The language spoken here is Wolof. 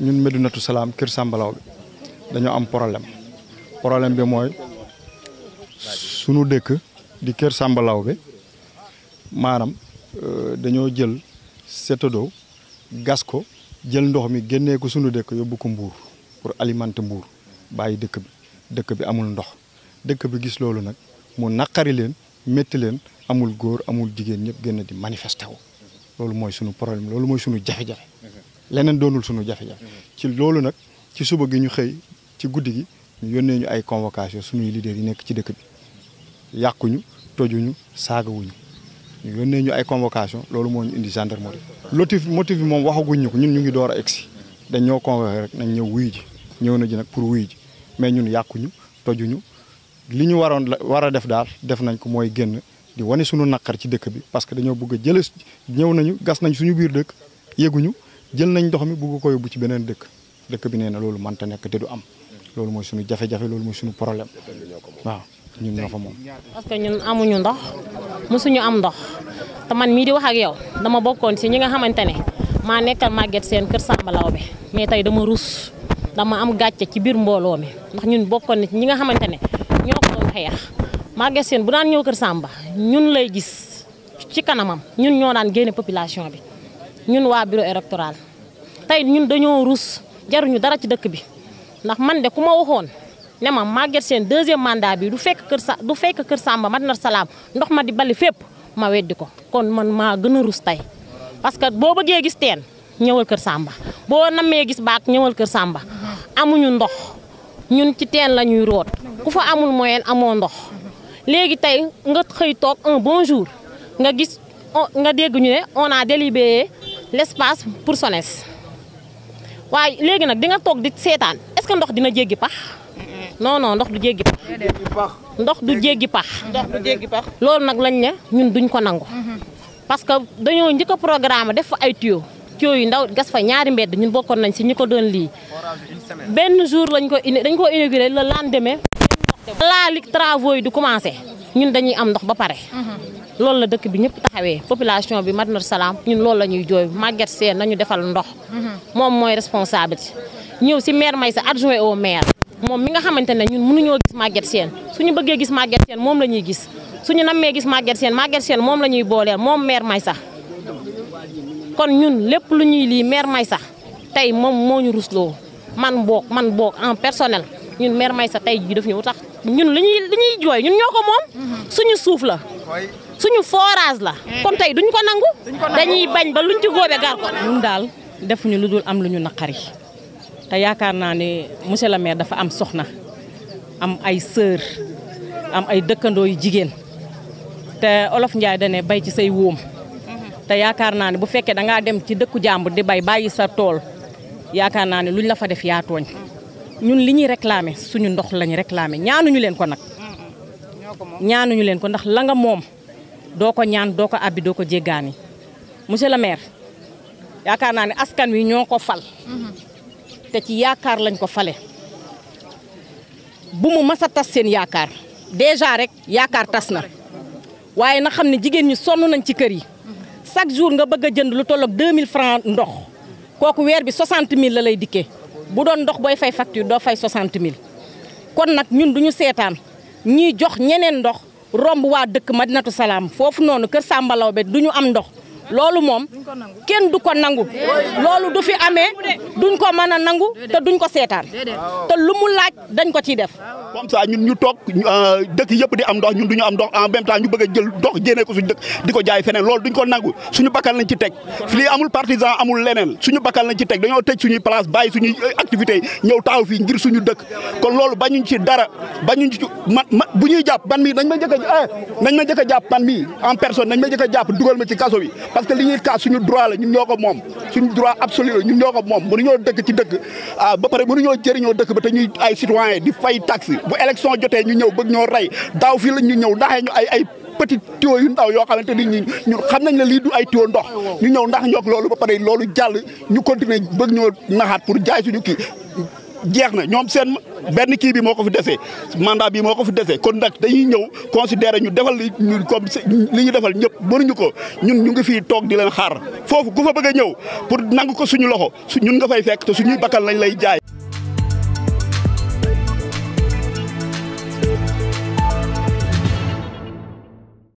ñun natu Salaam kër Sambalaw bi dañoo am problème problème bi mooy sunu dëkk di kër Sambalaw bi maanaam euh, dañoo jël setodo gas ko jël ndox mi génnee ko sunu dëkk yóbbu ko mbuur pour alimenter mbuur bàyyi dëkk bi dëkk bi amul ndox dëkk bi gis loolu nag mu naqari leen metti leen amul góor amul jigéen ñëpp génn di manifesté wu loolu mooy sunu problème loolu mooy sunu jafe-jafe. leneen doonul suñu jafe-jafe ci loolu nag ci suba gi ñu xëy ci guddi gi ñu yónnee ñu ay convocation suñuy leaders yi nekk ci dëkk bi yàquñu tojuñu saagawuñu ñu yónnee ñu ay convocation loolu moo ñu indi gendarmerie motif motif bi moom waxaguñ ñu ko ñun ñu ngi door a egsi dañ ñoo convoqué rek nañ ñëw wuy ji ñëw na ji nag pour wuy ji mais ñun yàquñu ñu li ñu waroon la war a def daal def nañ ko mooy génn di wane sunu naqar ci dëkk bi parce que dañoo bëgg a jële ñëw nañu gas nañ suñu biir dëkk yéguñu jël nañ ndox mi bëgg ko yóbbu ci benen dëkk dëkk bi nee loolu man ta nek té du am loolu moy suñu jafe-jafe loolu moy suñu problème waaw ñun ñofa fa parce que ñun amuñu ndox mosuñu am ndox te man mi di wax ak yow dama bokkon ci ñi nga xamantene ma maa nekkal màgget seen kër Samba Law bi mais tay dama ruus dama am gatcha ci bir mbolo mi ndax ñun bokkon ci ñi nga xamantene ne ñoo ko doon xeex màgget seen bu daan ñëw kër Samba ñun lay gis ci kanamam ñun ñoo daan gëné population bi. ñun waa bureau électoral tey ñun dañoo rus jaruñu dara ci dëkk bi ndax man de ku ma waxoon ne ma Maguette Sène deuxième mandat bi du fekk kër sa du fekk kër Samba mat na salaam ndox ma di bali fépp ma weddi ko kon man maa gën a rus tey parce que boo bëggee gis teen ñëwal kër Samba boo nammee gis baak ñëwal kër sàmba amuñu ndox ñun ci teen la ñuy root ku fa amul moyen amoo ndox léegi tey nga xëy toog un bon nga gis nga dégg ñu ne on a délibéré l'espace pour SONES waaye léegi nag di nga toog di seetaan est-ce que ndox dina jéggi pax non non ndox du jéggi pax ndox du jéggi pax ndox pax loolu nag lañ ne ñun duñ ko nangu parce que dañoo njëkk a programme def fa ay tuyau tuyau yu ndaw gas fa ñaari mbedd ñun bokkoon nañ si ñu ko doon lii benn jour lañ ko dañ ko inauguré le lendemain laa li travaux yi du commencé ñun dañuy am ndox ba pare mhm. loolu la dëkk bi ñëpp taxawee population bi Madinatoul Salam ñun loolu la ñuy jooy màgget seen nañu defal ndox mhm. moom mooy responsabilité ñëw si maire may sa adjoint au maire moom mi nga xamante ne ñun mënuñoo gis màgget seen suñu bëggee gis seen moom la ñuy gis suñu nammee gis màgget seen màgget seen moom la ñuy booleel moom maire may kon ñun lépp lu ñuy lii maire may sax tey moom moo ñu rusloo man boog man boog en personnel ñun maire may sax tey ji def ñu tax ñun li ñuy li ñuy jooy ñun ñoo ko moom mhm. suñu suuf la suñu forage la eh. kon tey duñ ko nangu dañuy bañ ba luñ ci góobe gar ko ñun daal defuñu lu dul am lu ñu naqari te yaakaar naa ni monsieur le maire dafa am soxna am ay sœur am ay dëkkandoo yu jigéen te olof Njaay dane bay ci say wóom mhm. te yaakaar naa ni bu fekkee da ngaa dem ci dëkku jàmb di bay bàyyi sa tool yaakaar naa ni luñ la fa def yaa ñun li ñuy réclamer suñu ndox lañ réclamer ñaanuñu leen ko nag ñaanuñu leen ko ndax la nga moom doo ko ñaan doo ko abbi doo ko jéggaani monsieur le maire yaakaar naa ne askan wi ñoo ko fal. Mhm. te ci yaakaar lañ ko fale bu mu mas a tas seen yaakaar déjà rek yaakaar tas na waaye na xam ne jigéen ñi sonn nañ ci kër yi mhm. chaque jour nga bëgg a jënd lu tolloog 2000 francs ndox kooku weer bi 60000 la lay dikke bu doon ndox booy fay facture doo fay 60000 kon nag ñun duñu seetaan ñiy jox ñeneen ndox. romb waa dëkk Madinatu Salaam foofu noonu kër Sàmbalaw be du ñu am ndox loolu moom kenn du ko nangu loolu du fi amee duñ ko mën a nangu te duñ ko seetaan te lu mu laaj dañ ko ciy def. comme ça ñun ñu toog euh, dëkk yëpp di am ndox ñun duñu am ndox en même temps ñu bëgg jël ndox génne ko suñu dëkk di ko jaay feneen loolu duñ ko nangu suñu bakkan lañ ci teg fii amul partisan amul leneen suñu bakal lañ ci teg dañoo tëj suñu place bàyyi suñu euh, activité ñëw taaw fi ngir suñu dëkk kon loolu bañuñ ci dara bañuñ ci man man bu ñuy jàpp man mii nañ ma jëkk a eh, nañ ma jëkk a jàpp man mii en personne nañ ma jëkk a jàpp dugal ma ci kaso parce que li ñuy kaas suñu droit la ñu ñoo ko moom suñu droit absolu la ñun ñoo ko moom mënuñoo dëkk ci dëkk ah, ba pare mënuñoo jëriñoo dëkk ba te ñuy ay citoyen di fay taxe bu élection jotee ñu ñëw bëgg ñoo rey daaw fii la ñu ñëw ndaxee ñu ay ay petit tuyau yu ndaw yoo xamante ni ñu ñun xam nañ ne lii du ay tuyau ndox ñu ñëw ndax ñoog loolu ba pare loolu jàll ñu continuer bëgg ñoo naxaat pour jaay ñu kii jeex na ñoom seen benn kii bi moo ko fi dese mandat bii moo ko fi dese kon nag dañuy ñëw considéré ñu defal ñu comme li ñu defal ñëpp mënuñu ko ñun ñu ngi fii toog di leen xaar foofu ku fa bëgg a ñëw pour nangu ko suñu loxo ñun nga fay fekk te suñu bakkal lañ lay jaay